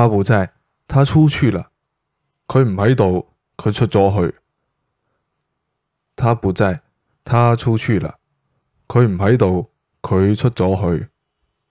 他不在，他出去了，佢唔喺度，佢出咗去。他不在，他出去了，佢唔喺度，佢出咗去。